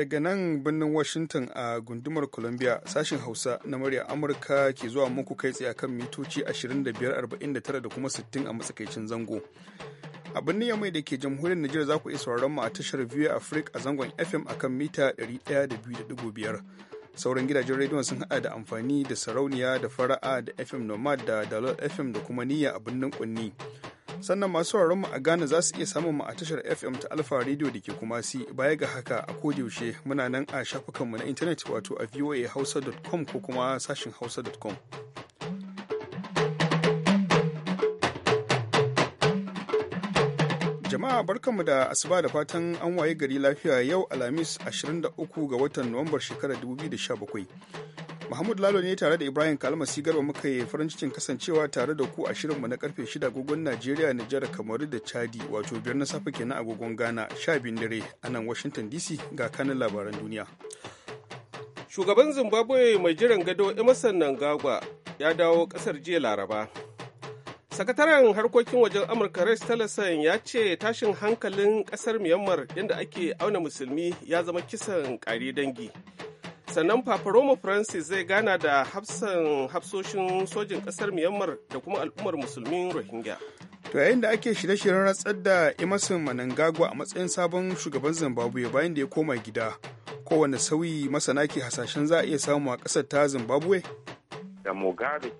daga nan birnin Washington a gundumar Columbia sashin Hausa na murya Amurka ke zuwa muku kai tsaye kan mitoci 2549 da kuma 60 a matsakaicin zango. A birnin mai da ke jamhuriyar nigeria za ku iya sauraron mu a tashar View Africa a zangon FM akan kan mita 102.5. Sauran gidajen rediyon sun hada da amfani da sarauniya da fara'a da FM Nomad da Dalol FM da kuma niyya a birnin Kunni. sannan masu mu a Ghana za su iya samun mu a tashar FM ta Alfa Radio da ke kumasi si baya ga haka a yaushe muna nan a shafukanmu na intanet wato a voahausa.com ko kuma sashin hausa.com. Jama'a barkanmu da asuba da fatan an waye gari lafiya yau Alhamis 23 ga watan Nuwambar shekarar 2017. Mahmud Lalo ne tare da Ibrahim Kalmasi Garba muka yi farin cikin kasancewa tare da ku a shirinmu na karfe 6 agogon Najeriya, Nijar, Kamaru da Chadi wato biyar na safe kenan agogon Ghana, 12 dare a nan Washington DC ga kanin labaran duniya. Shugaban Zimbabwe mai jiran gado Emerson Nangagwa ya dawo kasar jiya Laraba. Sakataren harkokin wajen Amurka Rex Tillerson ya ce tashin hankalin kasar Myanmar yadda ake auna musulmi ya zama kisan ƙari dangi. sannan Roma francis zai gana da hafsan hafsoshin sojin ƙasar myanmar da kuma al'ummar Musulmi rohingya to yayin da ake shirye-shiryen ratsar da emerson manangagwa a matsayin sabon shugaban zimbabwe bayan da ya koma gida kowane sauyi masana ke hasashen za a iya samu a ƙasar ta zimbabwe da mugabe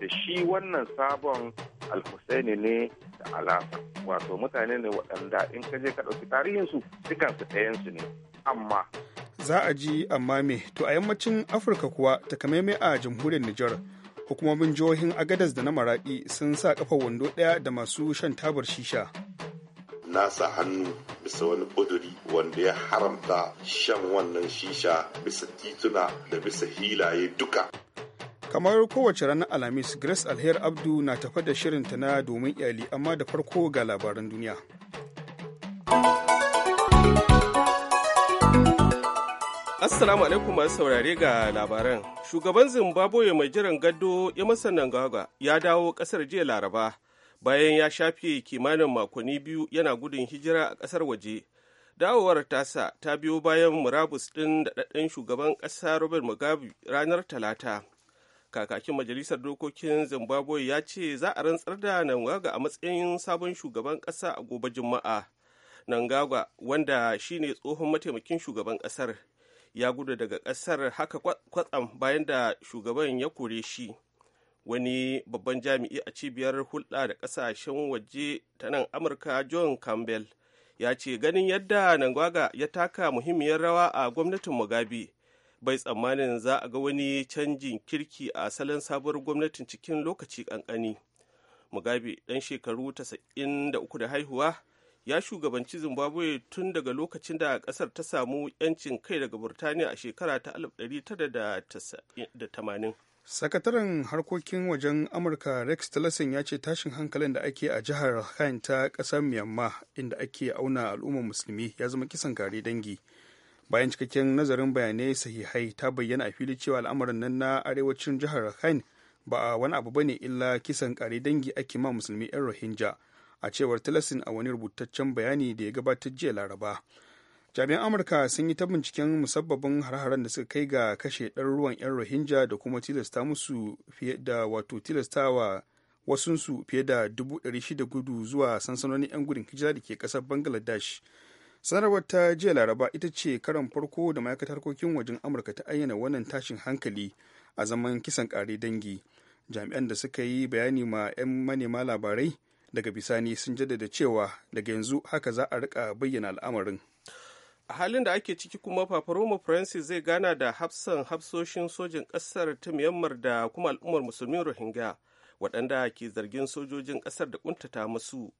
da shi wannan sabon alhussaini ne da alaƙa wato mutane ne waɗanda in ka je ka ɗauki tarihinsu dukansu ɗayansu ne amma za a ji amma me to a yammacin afirka kuwa takamaimai a jamhuriyar nijar hukumomin jihohin agadas da na maraɗi sun sa kafa wando ɗaya da masu shan tabar shisha na sa hannu bisa wani ƙuduri wanda ya haramta shan wannan shisha bisa tituna da bisa hilaye duka kamar kowace ranar alhamis grace alher abdu na tafa da shirinta na domin iyali amma da farko ga labaran duniya Assalamu alaikum masu saurare ga labaran. Shugaban Zimbabwe mai jiran gado ya masa Nangaga ya dawo kasar jiya Laraba bayan ya shafe kimanin makonni biyu yana gudun hijira a kasar waje. Dawowar tasa ta biyo bayan murabus ɗin daɗaɗɗen shugaban ƙasa Robert Mugabe ranar Talata. Kakakin Majalisar Dokokin Zimbabwe ya ce za a rantsar da Nangaga a matsayin sabon shugaban ƙasa a gobe Juma'a. Nangaga wanda shine tsohon mataimakin shugaban ƙasar. ya gudu daga ƙasar haka kwatsam bayan da shugaban ya kore shi wani babban jami'i a cibiyar hulɗa da ƙasashen waje ta nan amurka john campbell ya ce ganin yadda nangwaga ya taka muhimmiyar rawa a gwamnatin mugabe bai tsammanin za a ga wani canjin kirki a salon sabuwar gwamnatin cikin lokaci kankani mugabe 'dan shekaru 93 da haihuwa ya shugabanci zimbabwe tun daga lokacin da kasar ta samu 'yancin kai daga burtaniya a shekara ta 1980 sakataren harkokin wajen amurka rex tillerson ya ce tashin hankalin da ake a jihar rakhine ta kasar myanmar inda ake auna al'ummar musulmi ya zama kisan kare dangi bayan cikakken nazarin bayanai sahihai ta bayyana a fili cewa al'amarin nan na arewacin jihar rakhine ba a wani abu bane illa kisan kare dangi ake ma musulmi 'yan rohingya a cewar tilasin a wani rubutaccen bayani da ya gabatar jiya laraba jami'an amurka sun yi ta binciken musabbabin har-haren da suka kai ga kashe ɗan ruwan 'yan rohingya da kuma tilasta musu fiye da wato tilastawa wasunsu fiye da dubu shida gudu zuwa sansanonin 'yan gudun hijira da ke ƙasar bangladesh sanarwar ta jiya laraba ita ce karan farko da ma'aikatar harkokin wajen amurka ta ayyana wannan tashin hankali a zaman kisan kare dangi jami'an da suka yi bayani ma 'yan manema labarai daga bisani sun jaddada cewa daga yanzu haka za a rika bayyana al'amarin a halin da ake ciki kuma paparoma francis zai gana da hafsan hafsoshin sojin ƙasar ta myanmar da kuma al'ummar musulmin rohingya waɗanda ke zargin sojojin ƙasar da kuntata musu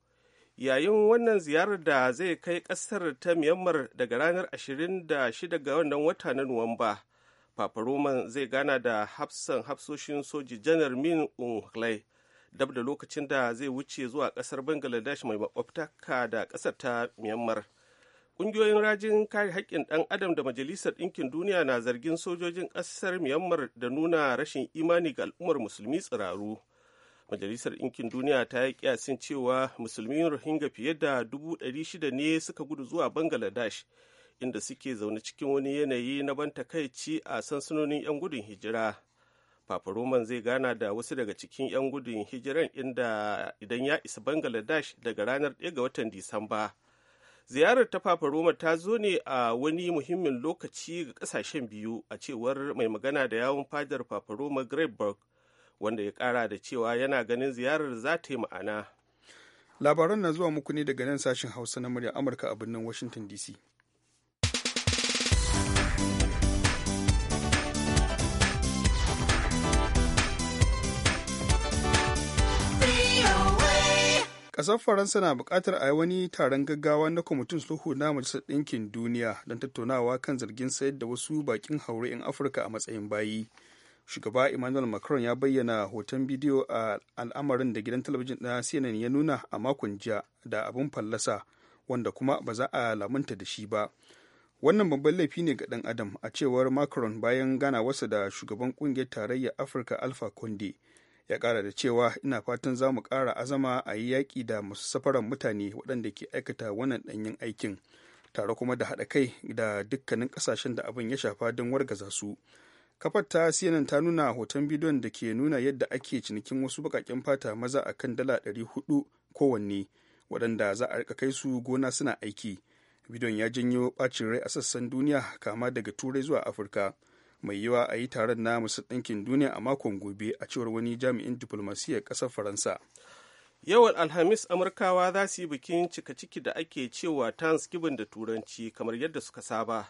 yayin wannan ziyarar da zai kai ƙasar ta myanmar daga ranar 26 ga wannan wata na nuwamba paparoman zai gana da hafsan hafsoshin soji janar min unhlai dab da lokacin da zai wuce zuwa kasar bangladesh mai makwabtaka da kasar ta myanmar ƙungiyoyin rajin kare haƙƙin ɗan adam da majalisar ɗinkin duniya na zargin sojojin ƙasar myanmar da nuna rashin imani ga al'ummar musulmi tsiraru majalisar ɗinkin duniya ta yi kyasin cewa musulmi rohingya fiye da dubu ɗari shida ne suka gudu zuwa bangladesh inda suke zaune cikin wani yanayi na ban takaici a sansanonin 'yan gudun hijira Fafaroman zai gana da wasu daga cikin 'yan gudun hijiran inda idan ya isa Bangladesh daga ranar 1 ga watan Disamba. Ziyarar ta Paparoma ta zo ne a wani muhimmin lokaci ga kasashen biyu a cewar mai magana da yawon fadar Paparoma Greenberg wanda ya kara da cewa yana ganin ziyarar za ta yi ma'ana. Labaran na zuwa muku ne daga nan sashen Hausa na murya Amurka a birnin Washington DC. kasar Faransa na bukatar a yi wani taron gaggawa na kwamitin sulhu na Majalisar Ɗinkin Duniya don tattaunawa kan zargin sayar da wasu bakin haure 'yan Afirka a matsayin bayi. Shugaba Emmanuel Macron ya bayyana hoton bidiyo a al'amarin da gidan talabijin na CNN ya nuna a makon jiya da abin fallasa wanda kuma ba za a lamunta da shi ba. Wannan babban laifi ne ga ɗan Adam a cewar Macron bayan ganawarsa da shugaban ƙungiyar tarayyar Afirka Alpha Conde. ya ƙara da cewa ina fatan za mu kara azama a yi yaƙi da masu safaran mutane waɗanda ke aikata wannan ɗanyen aikin tare kuma da haɗa kai da dukkanin ƙasashen da abin ya shafa don wargaza su kafar ta cnn ta nuna hoton bidiyon da ke nuna yadda ake cinikin wasu baƙaƙen fata maza a kan dala 400 kowanne waɗanda za a rika kai su gona suna aiki bidiyon ya janyo ɓacin rai a sassan duniya kama daga turai zuwa afirka mai yiwa a yi taron na musu ɗinkin duniya a makon gobe a cewar wani jami'in diflomasiyyar ƙasar faransa yawan alhamis amurkawa za su yi bikin cika ciki da ake cewa thanksgiving da turanci kamar yadda suka saba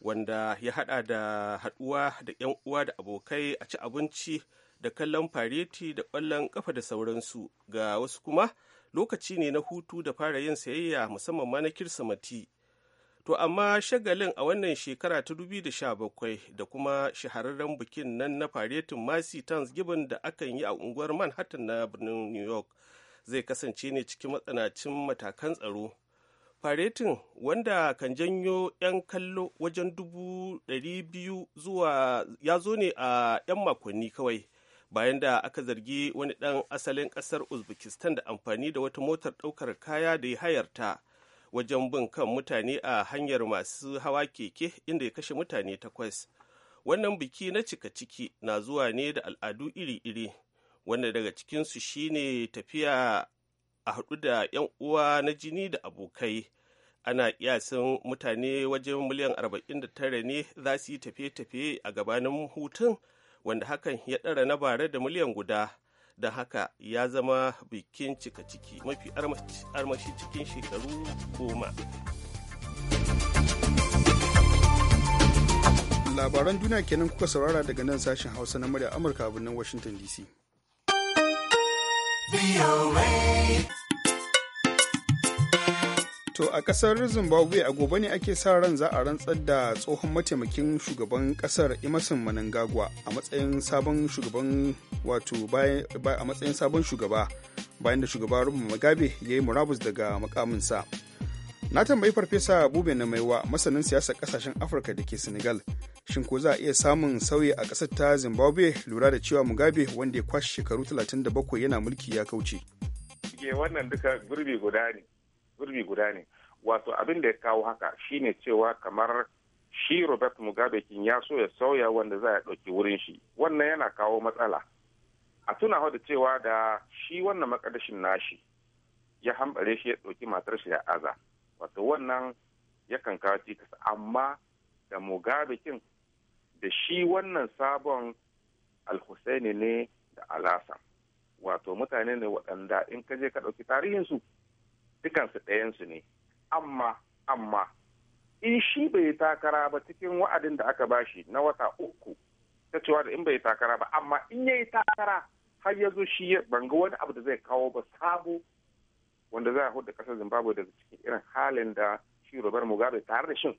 wanda ya hada da haduwa da yan uwa da abokai a ci abinci da kallon fareti da ƙwallon kafa da sauransu ga wasu kuma lokaci ne na hutu da fara yin sayayya musamman ma na kirsimati To amma shagalin a wannan shekara ta 2017 da kuma shahararren bikin nan na faretin Masi Thanksgiving da akan yi a unguwar Manhattan na birnin New York zai kasance ne cikin matsanancin matakan tsaro. Faretin wanda kan janyo 'yan kallo wajen dubu biyu zuwa ya zo ne a 'yan makonni kawai bayan da aka zargi wani ɗan asalin ƙasar Uzbekistan da amfani da wata motar ɗaukar kaya da ya hayarta. wajen bin kan mutane a hanyar masu hawa keke inda ya kashe mutane takwas wannan biki na cika ciki na zuwa ne da al'adu iri-iri wanda daga cikinsu shine tafiya a haɗu da 'yan uwa na jini da abokai ana kiyasin mutane wajen miliyan 49 ne za su yi tafiye-tafiye a gabanin hutun wanda hakan ya ɗara na bara da miliyan guda da haka ya zama bikin cika ciki mafi armashi cikin shekaru goma labaran duniya kenan kuka saurara daga nan sashen hausa na murya amurka a birnin washington dc To a kasar Zimbabwe a gobe ne ake sa ran za a rantsar da tsohon mataimakin shugaban kasar Emerson Mnangagwa a matsayin sabon shugaban wato a matsayin sabon shugaba bayan da shugaba Robert Mugabe ya yi murabus daga makaminsa Na tambayi farfesa Bube na Maiwa masanin siyasar kasashen Afirka da ke Senegal. Shin ko za a iya samun sauyi a ƙasar ta Zimbabwe lura da cewa Mugabe wanda ya kwashe shekaru 37 yana mulki ya kauce. Ke wannan duka gurbi guda ne. zurbi guda ne wato abin da ya kawo haka shine cewa kamar shi robert mugabe kin ya so ya sauya wanda za a ɗauki wurin shi wannan yana kawo matsala a tuna da cewa da shi wannan makadashin nashi ya hambare shi ya ɗauki matar shi ya aza wato wannan yakan kawo cikas amma da mugabe kin da shi wannan sabon alhussaini ne da alasan wato mutane ne waɗanda in ka je ka ɗauki tarihinsu dukansu ɗayansu ne amma amma in shi bai takara ba cikin wa'adin da aka bashi na wata uku ta cewa da in bai takara ba amma in ya yi takara har ya zo shi ban ga wani abu da zai kawo ba sabo wanda za a hudu ƙasar zimbabwe daga cikin irin halin da shi robert mugabe tare da shin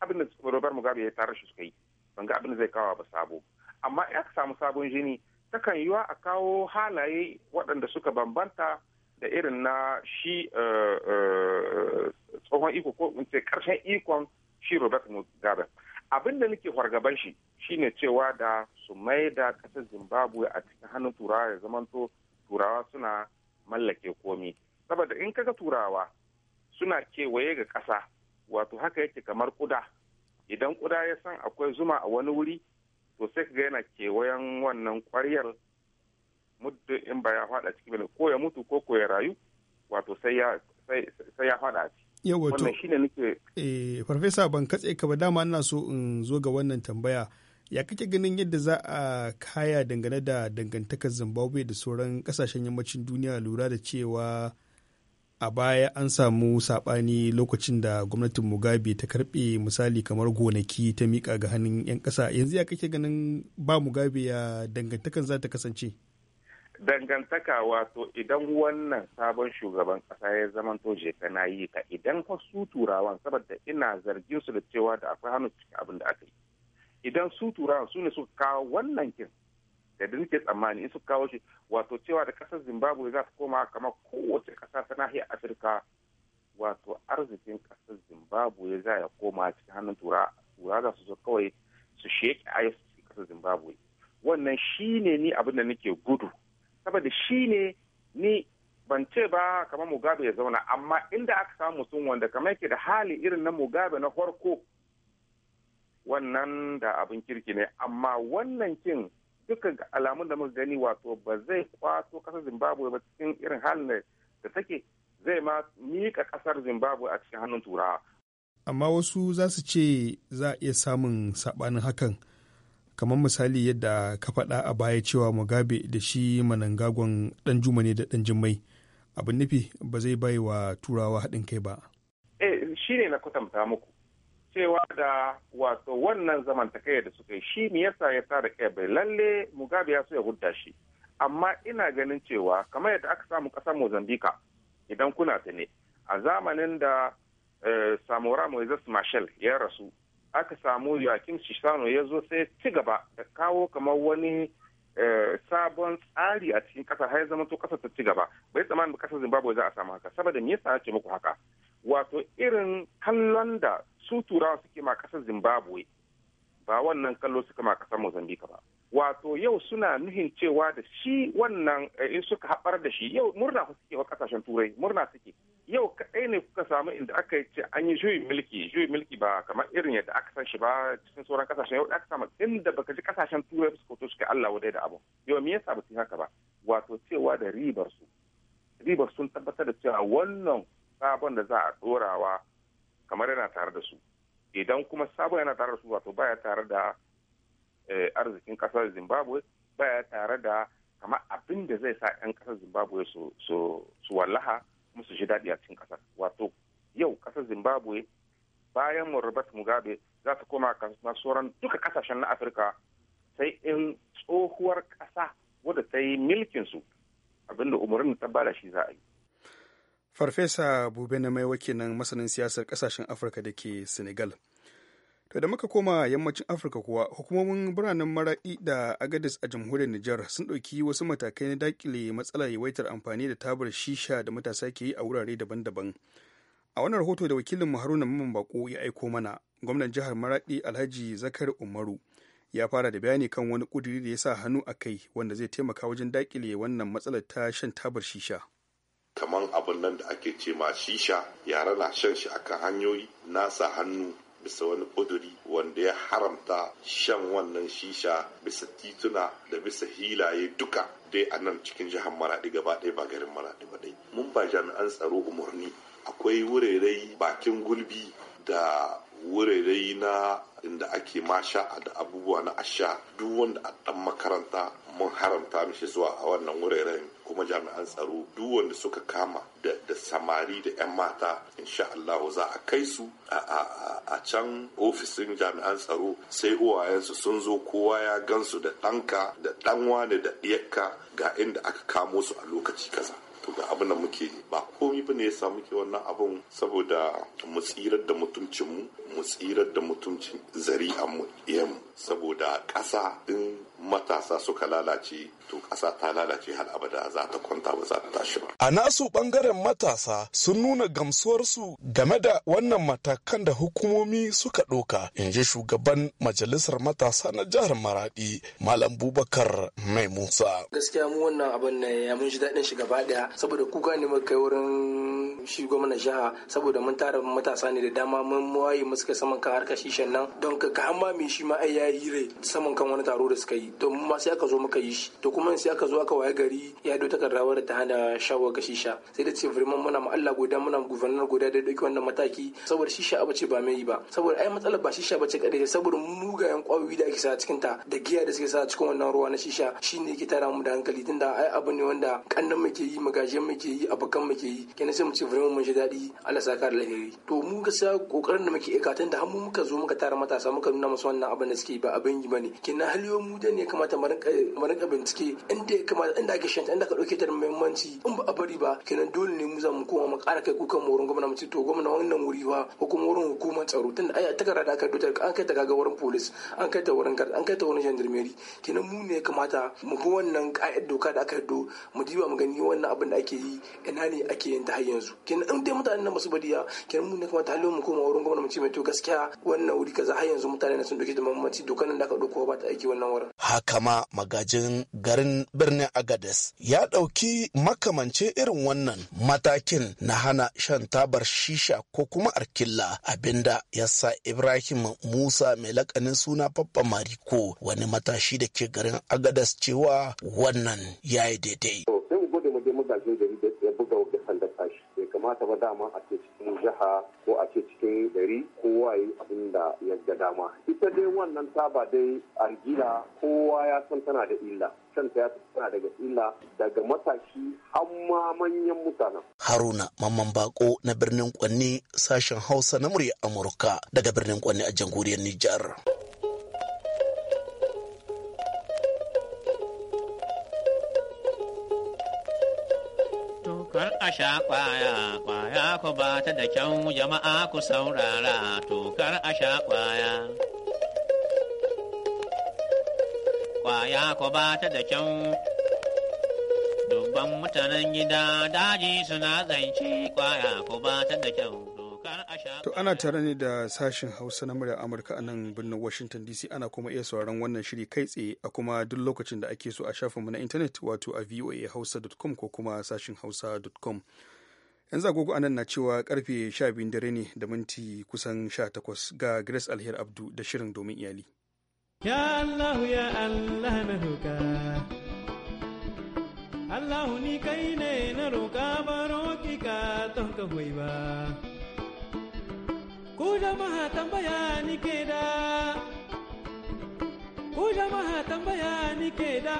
abin da robert mugabe ya tare shi suka yi ban ga abin da zai kawo ba sabo amma ya samu sabon jini takan yiwa a kawo halaye waɗanda suka bambanta da irin na shi eh, eh, tsohon iko ko in ce karshen ikon shi Robert Mugabe. Abin da nake fargaban shi shine cewa da su mai da kasar Zimbabwe a cikin hannun turawa ya zamanto turawa suna mallake komi. Saboda in kaga turawa suna kewaye ga ƙasa wato haka yake kamar kuda idan kuda ya san akwai zuma a wani wuri to sai ka ga yana kewayen wannan ƙwaryar muddin in ba ya fada ciki bane ko ya mutu ko ko ya rayu wato sai ya sai ya fada ciki yawa eh farfesa ban katse ka ba dama ina so in zo ga wannan tambaya ya kake ganin yadda za a kaya dangane da dangantakar zimbabwe da sauran kasashen yammacin duniya lura da cewa a baya an samu saɓani lokacin da gwamnatin mugabe ta karɓe misali kamar gonaki ta miƙa ga hannun 'yan ƙasa yanzu ya kake ganin ba mugabe ya dangantakar za ta kasance dangantaka wato idan wannan sabon shugaban kasa ya zamanto jeka na yi ka idan fa su turawan saboda ina zargin su da cewa da akwai hannu cikin abin da aka yi idan su turawan su ne suka kawo wannan kin da da nake tsammani in suka kawo shi wato cewa da kasar zimbabwe za ta koma kamar kowace kasa ta nahiyar afirka wato arzikin kasar zimbabwe za ya koma cikin hannun tura za su zo kawai su sheke a kasar zimbabwe wannan shine ni abin da nake gudu saboda shi ne ni ban ce ba kamar mugabe ya zauna amma inda aka samu mutum wanda kamar yake da hali irin na mugabe na farko wannan da abin kirki ne amma wannan kin dukkan alamun da muka gani wato ba zai kwato kasar zimbabwe ba cikin irin halin da take zai ma ƙasar kasar zimbabwe a cikin hannun turawa amma wasu za su ce za a iya samun sabanin hakan kamar misali yadda ka faɗa a baya cewa mugabe da shi manangagon ɗan juma ne da ɗan jimmai abin nufi ba zai bai wa turawa haɗin kai ba eh shi ne na kwatanta muku cewa da wato wannan zamantaka da suka yi shi ne yasa ya tara kai bai lalle mugabe ya so ya hudda shi amma ina ganin cewa kamar yadda aka samu ƙasar mozambika idan kuna ta ne a zamanin da eh, samora moises marshall ya rasu aka samu Joaquim Chisano ya zo sai ci gaba da kawo kamar wani eh, sabon tsari a cikin kasa har zama to kasa ta ci gaba bai tsammanin kasa Zimbabwe za a samu haka saboda me yasa ce muku haka wato irin kallon da su turawa suke ma kasa Zimbabwe ba wannan kallo suka ma kasar Mozambique ba wato yau suna nuhin cewa da shi wannan eh, in suka haɓar da shi yau murna suke wa kasashen turai murna suke yau kaɗai ne kuka samu inda aka yi ce an yi juyin mulki juyin mulki ba kamar irin yadda aka san shi ba cikin sauran kasashen yau aka samu inda baka ji kasashen turai su koto suke Allah wadai da abu yau me yasa ba su haka ba wato cewa da ribar su ribar sun tabbatar da cewa wannan sabon da za a dorawa kamar yana tare da su idan kuma sabon yana tare da su wato baya tare da eh, arzikin kasar Zimbabwe baya tare da kamar abin da zai sa 'yan kasar Zimbabwe su wallaha musu ji daɗi a cikin ƙasar wato yau ƙasar zimbabwe bayan mu robert mugabe za ta koma sauran duka ƙasashen na afirka sai in tsohuwar ƙasa wadda ta yi su abinda umarnin ta bada shi za a yi farfesa bube na mai wakilin masanin siyasar ƙasashen afirka da ke senegal To da muka koma yammacin Afirka kuwa hukumomin biranen maraɗi da Agadis a jamhuriyar Nijar sun ɗauki wasu matakai na dakile matsalar yawaitar amfani da tabar shisha da matasa ke yi a wurare daban-daban. A wannan rahoto da wakilin Haruna Mamman Bako ya aiko mana, gwamnan jihar Maraɗi Alhaji Zakar Umaru ya fara da bayani kan wani ƙuduri da ya sa hannu a kai wanda zai taimaka wajen dakile wannan matsalar ta shan tabar shisha. Kaman abin nan da ake ce ma shisha, yara na shan shi akan hanyoyi, nasa hannu bisa wani ƙuduri wanda ya haramta shan wannan shisha bisa tituna da bisa hilaye duka dai a nan cikin jihar maraɗi gaba ɗaya ba garin maraɗi ba dai mun ba jami'an tsaro umarni akwai wurare bakin gulbi da wurare na inda ake masha da abubuwa na asha duk wanda a dan makaranta mun haramta mishi zuwa a wannan wuraren kuma jami'an tsaro duk wanda suka kama da da samari da 'yan mata insha Allah za a kai su a can ofisin jami'an tsaro sai uwayensu sun zo kowa ya gansu da ɗanka da ɗanwa da ɗiyakka ga inda aka kamo su a lokaci kaza to ga abin da muke ba komi bane ya samu ke wannan abun saboda mu tsirar da mutuncin mu mu tsirar da mutuncin zari'an mu saboda ƙasa in matasa suka lalace to ƙasa ta lalace har abada za ta kwanta ba za ta tashi ba. A nasu ɓangaren matasa sun nuna gamsuwarsu game da wannan matakan da hukumomi suka ɗoka in ji shugaban majalisar matasa na jihar Maradi Malam Bubakar Mai Musa. Gaskiya mu wannan abin ne ya mun ji daɗin shi gaba ɗaya saboda kuka ne muka kai wurin shi gwamnan jiha saboda mun tara matasa ne da dama mun waye mu suka saman ka harkar shishan nan don ka hamma mai shi ma ai ya hire saman kan wani taro da suka yi to mu ma sai aka zo muka yi shi to kuma sai aka zo aka waye gari ya do takarda da ta hana shawo ga shisha sai da ce vraiment muna mu Allah goda muna gubernar goda da dauki wannan mataki saboda shisha abu ce ba mai yi ba saboda ai matsalar ba shisha bace kadai saboda mugayen kwayoyi da ake sa cikin ta da giya da suke sa cikin wannan ruwa na shisha shine yake tara mu da hankali tunda ai abu ne wanda kannan muke yi magajen muke yi abakan muke yi kenan sai mu ce vraiment mun ji daɗi Allah saka da lahiri to mu gaskiya kokarin da muke aikata da har mu muka zo muka tara matasa muka nuna musu wannan abin da suke ba abin yi bane kina haliyo mu da ne kamata mu rinka bincike inda ya kamata inda ake shanta inda ka dauke ta da muhimmanci in ba a bari ba kenan dole ne mu za mu koma mu kara kai kukan mu wurin gwamnati mu ce to gwamna wannan wuri fa ko kuma wurin hukumar tsaro tunda ai takarda da aka dota an kai ta kaga wurin police an kai ta wurin gar an kai ta wurin gendarmerie kenan mu ne ya kamata mu bi wannan ka'id doka da aka yaddo mu diba mu gani wannan abin da ake yi ina ne ake yin ta har yanzu kenan in dai mutanen nan basu bariya kenan mu ne kamata haliyo mu koma wurin gwamna mu ce mai to gaskiya wannan wuri kaza har yanzu mutane na sun dauke da muhimmanci dukkanin da aka ɗauko ba ta aiki wannan wurin. Haka ma magajin garin birnin Agades ya ɗauki makamance irin wannan matakin na hana shan tabar shisha ko kuma arkilla abinda ya sa Ibrahim Musa mai lakanin suna Papa Mariko wani matashi da ke garin Agades cewa wannan ya yi daidai. kamata ba dama a ce cikin jiha ko a ce cikin gari kowa yi abin da ya ga dama ita dai wannan taba dai argila kowa ya san tana da illa shanta ya tana daga illa daga matashi har manyan mutanen haruna mamman bako na birnin kwanni sashen hausa na murya amurka daga birnin kwanni a jamhuriyar nijar kar a sha kwaya kwaya ku ba ta da kyau jama'a ku saurara to kar a sha kwaya. kwaya ko ba ta da kyau. Dubban mutanen gida daji suna zance kwaya ko ba ta da kyau. To ana tare ne da sashen Hausa na murya Amurka a nan birnin Washington DC ana kuma iya sauraron wannan shiri kai tsaye a kuma duk lokacin da ake so a shafinmu na intanet wato a voa voahausa.com ko kuma sashen hausa.com. Yan zagogo anan na cewa karfe 12 dare ne da minti kusan 18 ga Grace Alher Abdu da shirin domin iyali. Ya Allah ya Allah na roka Allah ni kai ne na roka baro ki ka ton ka hoyi ba Ku jama'a tambaya ni ke da Ku jama'a tambaya ni ke da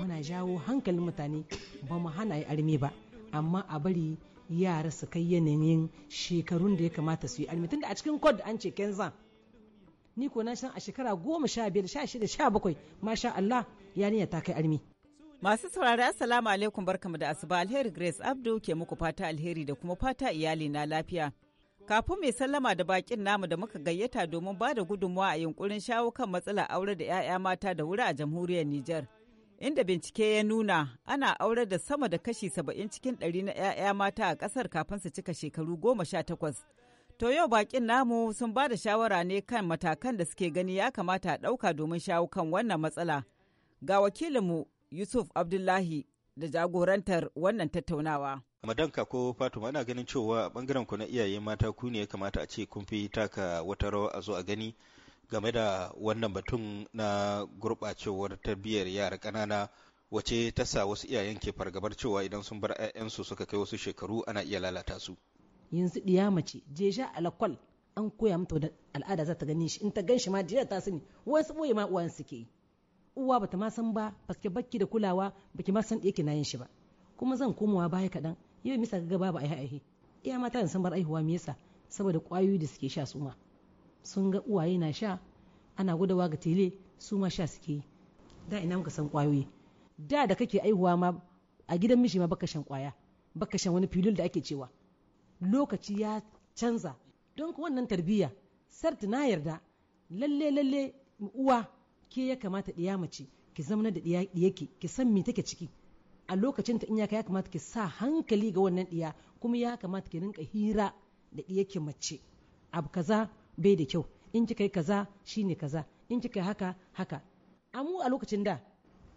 Muna jawo hankalin mutane ba mu hana yi armi ba amma a bari yara su kai yanayin shekarun da ya kamata su yi armi tunda a cikin kod an ce kenzan ni ko na san a shekara goma sha biyar sha shida sha bakwai masha Allah ya niya ta kai armi. Masu saurari assalamu alaikum barkamu da asuba alheri Grace Abdu ke muku fata alheri da kuma fata iyali na lafiya. Kafin mai sallama da bakin namu da muka gayyata domin ba da gudunmawa a yunkurin shawo kan matsalar aure da 'ya'ya mata da wuri a jamhuriyar Nijar. Inda bincike ya nuna ana aure da sama da kashi saba'in cikin ɗari na 'ya'ya mata a ƙasar kafin su cika shekaru goma sha To yau bakin namu sun ba da shawara ne kan matakan da suke gani ya kamata a ɗauka domin shawo kan wannan matsala. Ga wakilinmu Yusuf Abdullahi da jagorantar wannan tattaunawa. madanka ko fatima ana ganin cewa bangaren ku na iyaye mata ku ne ya kamata a ce kun fi taka wata rawa a zo a gani game da wannan batun na gurɓacewar tarbiyyar yara ƙanana wace ta sa wasu iyayen ke fargabar cewa idan sun bar 'ya'yansu suka kai wasu shekaru ana iya lalata su yanzu ɗiya mace je sha alakwal an koya mata wadda al'ada za ta gani shi in ta gan shi ma jiya ta sani wasu boye ma uwan suke yi uwa bata ma san ba paske baki da kulawa baki ma san yake yin shi ba kuma zan komawa baya kaɗan yau misa ga babu yi aihe iya mata san bar aihuwa me yasa saboda ƙwayoyi da suke sha su ma sun ga uwaye na sha ana gudawa ga tele su ma sha suke yi da ina muka san ƙwayoyi da da kake aihuwa ma a gidan mishi ma baka shan kwaya baka shan wani filin da ake cewa lokaci ya canza don wannan tarbiyya Sarta na yarda lalle lalle uwa ke ya kamata ɗiya mace ki zamana da ɗiya ke, ki san me take ciki a lokacin ta in ya kamata ki sa hankali ga wannan ɗiya kuma ya kamata ki rinka hira da ɗiya ke mace abu kaza bai da kyau in kika yi kaza shine kaza in kika yi haka haka amu a lokacin da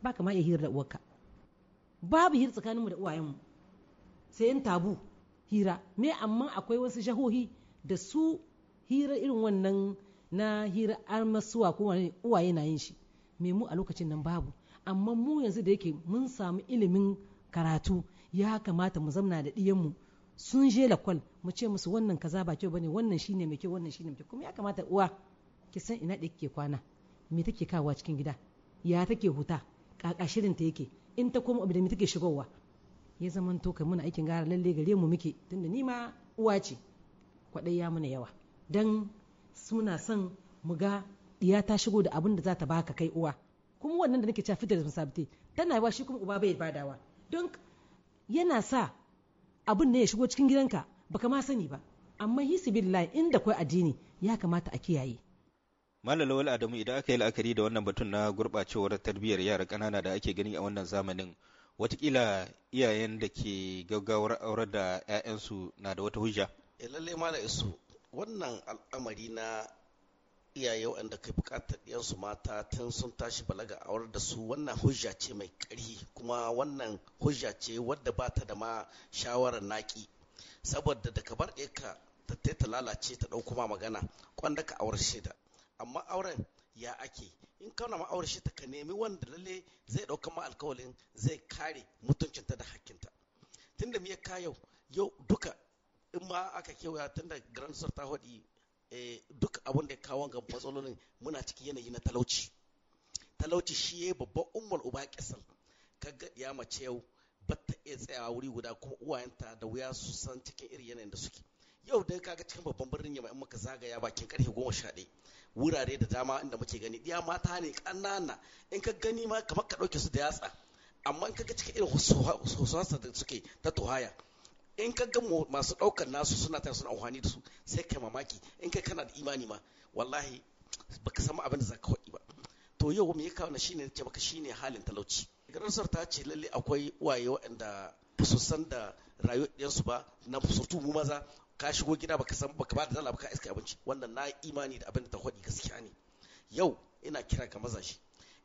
ba ma iya hira da uwarka babu hira tsakaninmu da uwayenmu Sayan tabu hira me amma akwai wasu jahohi da su hira irin wannan na hira armasuwa ko waye na yin shi me mu a lokacin nan babu amma mu yanzu da yake mun samu ilimin karatu ya kamata mu zamna da ɗiyanmu sun je kwal mu ce musu wannan kaza ba kyau bane wannan shine mai kyau wannan shine mai kyau kuma ya kamata uwa ki san ina da kike kwana me take kawa cikin gida ya take huta kaka ta yake in ta koma abu da me take shigowa ya zaman to kai muna aikin gara lalle gare mu muke tunda ni ma uwa ce kwaɗai ya mana yawa dan suna son mu ga diya ta shigo da abin da za ta baka kai uwa kuma wannan da nake cewa fitar responsibility tana ba shi kuma uba bai badawa don yana sa abin ne ya shigo cikin gidanka baka ma sani ba amma hisi billahi inda kwai addini ya kamata a kiyaye malalawal adamu idan aka yi la'akari da wannan batun na gurɓacewar tarbiyyar yara ƙanana da ake gani a wannan zamanin watakila iyayen da ke gaggawar aurar da 'ya'yansu na da wata hujja eh, lalle mala isu wannan al'amari na iyaye waɗanda ka bukatar ɗiyarsu mata tun sun tashi balaga aure da su wannan hujja ce mai ƙarfi kuma wannan hujja ce wadda ba ta da ma shawarar naƙi saboda daga bar ka ta ta lalace ta ɗau kuma magana kwan ka da shaida amma auren ya ake in kauna ma'aurar shi ta ka nemi wanda lalle zai ɗauka ma alkawalin zai kare mutuncinta da hakkinta tun da ya kayau yau duka in ma aka kewaya tun grand sur ta hodi eh, duk abin da ya kawo ga matsalolin muna ciki yanayi na talauci talauci shi ya babban umar uba ka ga ya mace yau ba ta iya tsayawa wuri guda kuma uwayenta da wuya su san cikin irin yanayin da suke yau dai kaga cikin babban birnin yamma in muka zagaya bakin karfe goma sha ɗaya wurare da dama inda muke gani ɗiya mata ne ƙanana in ka gani ma kamar ka ɗauke su da yatsa amma in ka cikin irin hososa da suke ta tuhaya in ka ga masu ɗaukar nasu suna ta suna amfani da su sai kai mamaki in kai kana da imani ma wallahi baka samu abin da za ka ba to yau me ya kawo na shine ce baka shine halin talauci garasar ta ce lalle akwai waye waɗanda ba su san da rayuwar ba na surtu mu maza ka shigo gida baka san baka ba da dala baka iska abinci wannan na imani da abin da ta hodi gaskiya ne yau ina kira ga mazaje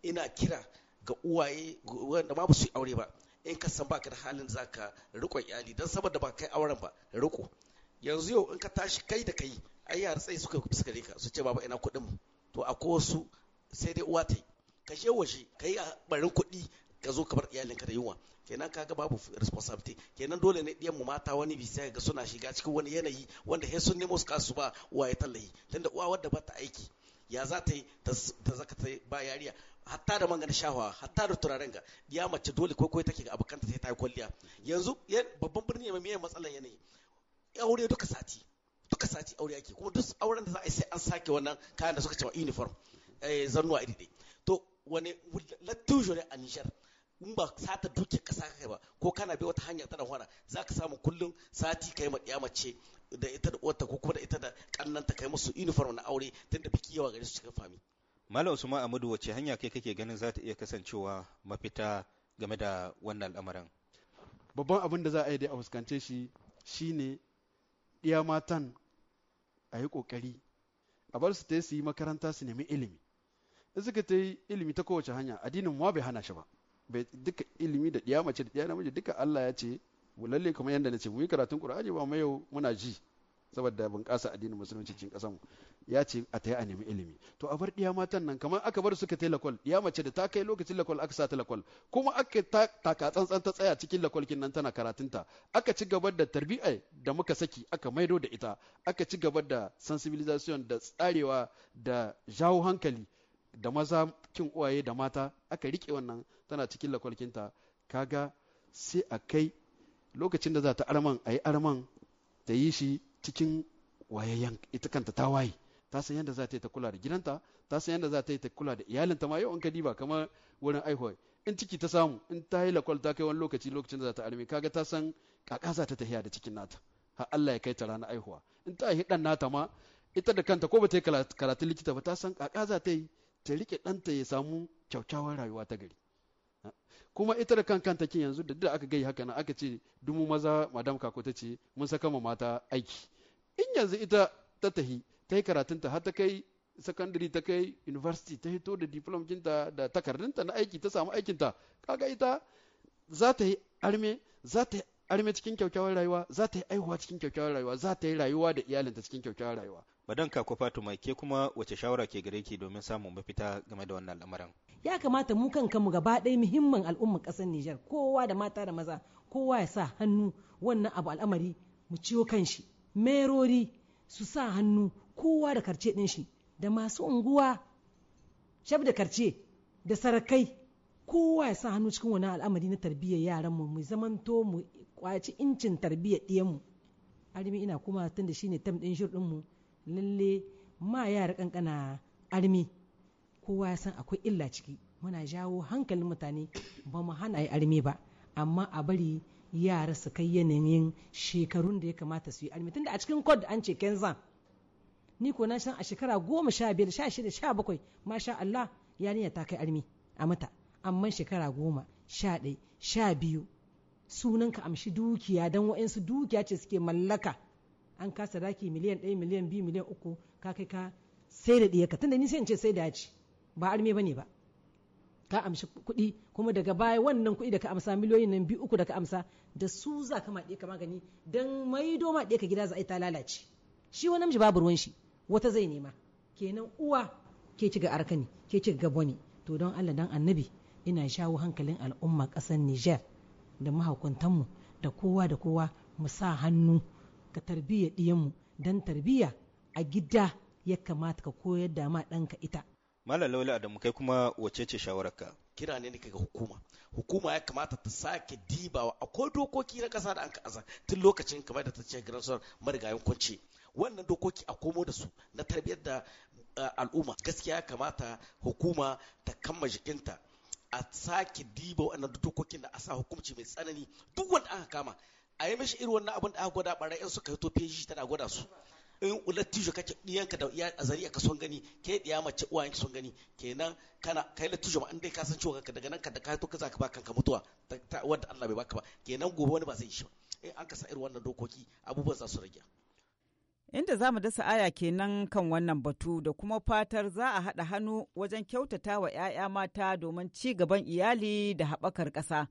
ina kira ga uwaye wanda ma ba su aure ba in ka san baka da halin zaka riko iyali dan saboda baka kai auren ba riko yanzu yau in ka tashi kai da kai ai yar tsayi suka suka rika su ce baba ina kuɗin mu to akwai wasu sai dai uwa ta yi ka she washe ka barin kuɗi ka zo ka bar iyalinka da yunwa kenan kaga babu responsibility kenan dole ne ɗiyan mu mata wani bisa ga suna shiga cikin wani yanayi wanda he sun nemo su kasu ba uwa ya tallahi tunda uwa wadda ba ta aiki ya za ta yi ta zaka ta ba yariya hatta da mangana shahawa hatta da turaren ga ya mace dole ko koyi take ga abokanta sai ta yi kwalliya yanzu babban birni ne mai miyan matsalar yanayi aure duka sati duka sati aure ake kuma duk auren da za a yi sai an sake wannan kayan da suka cewa uniform eh, zannuwa iri to wani la toujours a Niger in ba sata duke kasa kai ba ko kana bai wata hanya tana hwana za ka samu kullum sati kai ma mace da ita da uwarta ko kuma da ita da kannanta kai musu uniform na aure tunda biki yawa gari su cikin fami Malam Usman Amadu wace hanya kai kake ganin za ta iya kasancewa mafita game da wannan al'amarin babban abin da za a yi dai a fuskance shi shine iya matan a yi kokari a bar su ta yi makaranta su nemi ilimi in suka ta yi ilimi ta kowace hanya addinin mu ma bai hana shi ba duka ilimi da ɗiya mace da ɗiya namiji duka Allah ya ce lalle kuma yadda na ce mu yi karatun Qur'ani ba mu yau muna ji saboda bunƙasa addinin musulunci cikin mu ya ce a ta a nemi ilimi to a bar ɗiya matan nan kamar aka bar suka ta lakwal ɗiya mace da ta kai lokacin lakwal aka sa ta lakwal kuma aka taka tsantsan ta tsaya cikin kin nan tana karatunta aka ci gaba da tarbiyya da muka saki aka maido da ita aka ci gaba da sensibilization da tsarewa da jawo hankali da maza kin uwaye da mata aka rike wannan tana cikin lakwalkinta kaga sai a kai lokacin da za ta arman a yi arman ta yi shi cikin wayayyan ita kanta ta waye ta san yadda za ta yi ta kula da gidanta ta san yadda za ta yi ta kula da iyalinta ma yau an ka diba kamar wurin aihuwa in ciki ta samu in ta yi lakwal ta kai wani lokaci lokacin da za ta arme kaga ta san kaka za ta tafiya da cikin nata har Allah ya kai ta rana aihuwa in ta yi dan nata ma ita da kanta ko ba ta yi karatun likita ba ta san kaka za ta yi ta riƙe ɗanta ya samu kyaukyawar rayuwa ta gari kuma ita da kankan take yanzu da aka gai haka nan aka ce dumu maza madam kako ta ce mun saka ma mata aiki in yanzu ita ta tahi ta yi karatunta har ta kai secondary ta kai university ta hito da diplom da takardunta na aiki ta samu aikinta kaga ita za ta yi arme za ta yi arme cikin kyaukyawar rayuwa za ta yi aihuwa cikin kyaukyawar rayuwa za ta yi rayuwa da iyalinta cikin kyaukyawar rayuwa ka Kako Fatuma ke kuma wace shawara ke gare ki domin samun mafita game da wannan lamarin? Ya kamata mu kan mu gaba ɗaya muhimman al'ummar ƙasar Nijar kowa da mata da maza kowa ya sa hannu wannan abu al'amari mu ciwo kan shi. Merori su sa hannu kowa da karce ɗin shi da masu unguwa shaf da karce da sarakai kowa ya sa hannu cikin wani al'amari na tarbiyyar yaran mu mu zamanto mu kwaci incin tarbiyyar ɗiyan mu arimi ina kuma tun da shine tam ɗin shirin mu lalle ma yara kankana armi kowa ya san akwai illa ciki muna jawo hankalin mutane ba mu hana yi armi ba amma a bari yara su kai yanayin shekarun da ya kamata su yi armi tunda a cikin kod an ce kenza ni ko na san a shekara goma sha biyar sha shida sha bakwai masha Allah ya yarinya ta kai armi a mata amma shekara goma sha ɗaya sha biyu sunanka amshi dukiya don waɗansu dukiya ce suke mallaka an kasa sadaki miliyan ɗaya miliyan biyu miliyan uku ka kai ka sai da ɗiyarka tunda ni sai in ce sai da ci ba arme ba ne ba ka amshi kuɗi kuma daga baya wannan kuɗi da ka amsa miliyoyin nan biyu uku da ka amsa da su za ka maɗe ka magani don maido maɗe ka gida za a yi ta lalace shi wani namiji babu ruwan shi wata zai nema kenan uwa ke ci ga arkani ke ci ga boni to don Allah dan annabi ina shawo hankalin al'umma ƙasar Niger da mahaukuntanmu da kowa da kowa mu sa hannu ka tarbiyya ɗiyanmu don tarbiyya a gida ya kamata ka koyar da ma ɗanka ita. Malalaula Adamu kai kuma wace ce shawararka? Kira ne ga hukuma. Hukuma ya kamata ta sake dibawa akwai dokoki na kasa da an kasa tun lokacin kamar da ta ce Granson marigayen kwanci. Wannan dokoki a komo da su na tarbiyyar da eh, al'umma. Gaskiya ya kamata hukuma ta kama jikinta a sake diba wannan dokokin da a sa hukunci mai tsanani duk wanda aka kama a yi mashi irin wannan abin da aka gwada bara ka yi tofe shi tana gwada su in ulat tijo kake ka da iya azari ka son gani ke diya mace uwa ki son gani kenan kana kai la tijo ma an dai ka san cewa daga nan ka da ka to ka zaka ba kanka mutuwa ta wanda Allah bai baka ba kenan gobe wani ba zai shi ba in an ka sa irin wannan dokoki abubuwan za su rage Inda za mu dasa aya kenan kan wannan batu da kuma fatar za a haɗa hannu wajen kyautata wa 'ya'ya mata domin ci gaban iyali da haɓakar ƙasa.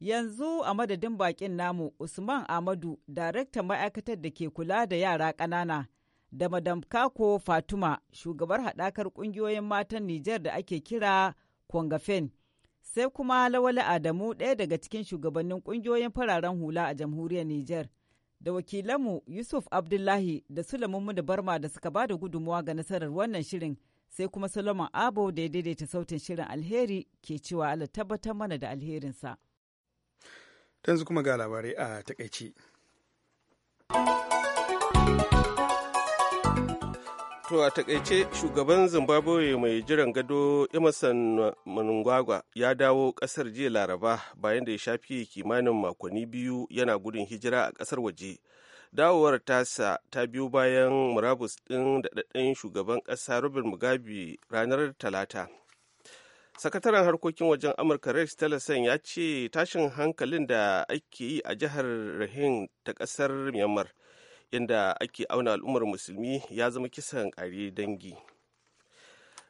Yanzu a madadin bakin namu Usman Amadu, daraktan ma'aikatar da ke kula da yara ƙanana, da Madam Kako Fatuma, shugabar haɗakar ƙungiyoyin matan Nijar da ake kira Kwangafen, sai kuma Lawali Adamu ɗaya daga cikin shugabannin ƙungiyoyin fararen hula a jamhuriyar Nijar. Da wakilanmu Yusuf Abdullahi da Sulaiman Barma da suka ba da gudunmuwa ga nasarar wannan shirin. sai kuma salomon Abo da ya daidaita sautin shirin alheri ke cewa Allah tabbatar mana da alherinsa. yanzu kuma ga labarai a takaici To a takaice shugaban Zimbabwe mai jiran gado Emerson Mnangagwa ya dawo kasar jiya Laraba bayan da ya shafi kimanin makonni biyu yana gudun hijira a kasar waje. Dawowar tasa ta biyo bayan murabus ɗin daɗaɗɗen shugaban ƙasa Robert Mugabe ranar Talata. sakataren harkokin wajen amurka rex tillerson ya ce tashin hankalin da ake yi a jihar rahim ta kasar myanmar inda ake auna al'ummar musulmi ya zama kisan kare dangi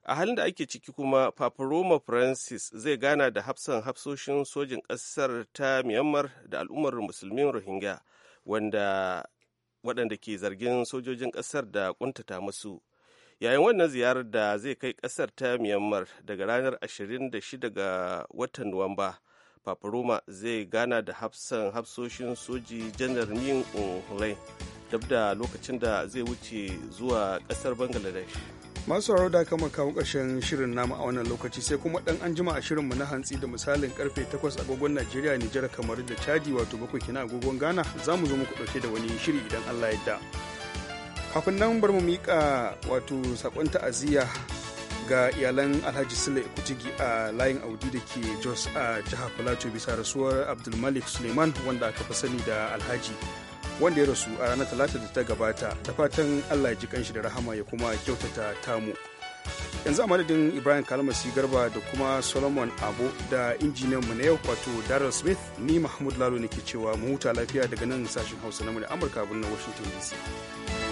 a halin da ake ciki kuma papa roma francis zai gana da hafsan hafsoshin sojin kasar ta myanmar da al'ummar musulmin rohingya wanda waɗanda ke zargin sojojin ƙasar da ƙuntata musu yayin wannan ziyarar da zai kai kasar ta myanmar daga ranar 26 ga watan nuwamba paparoma zai gana da hafsan hafsoshin soji janar min unhulai duk da lokacin da zai wuce zuwa kasar bangladesh masu sauraro da kama kawo karshen shirin namu a wannan lokaci sai kuma dan an jima a shirinmu na hantsi da misalin karfe 8 agogon najeriya nijar kamar da chadi wato bakwai kina agogon ghana za mu zo muku ɗauke da wani shiri idan allah ya da kafin nan bar mu miƙa wato saƙon ta'aziyya ga iyalan alhaji sule kutigi a layin audi da ke jos a jihar plateau bisa rasuwar abdulmalik suleiman wanda aka fi sani da alhaji wanda ya rasu a ranar talata da ta gabata ta fatan allah ya ji kanshi da rahama ya kuma kyautata tamu yanzu a madadin ibrahim kalmasi garba da kuma solomon abu da injiniyan mu na yau wato daryl smith ni mahmud lalo ne ke cewa mu huta lafiya daga nan sashen hausa na amurka birnin washington dc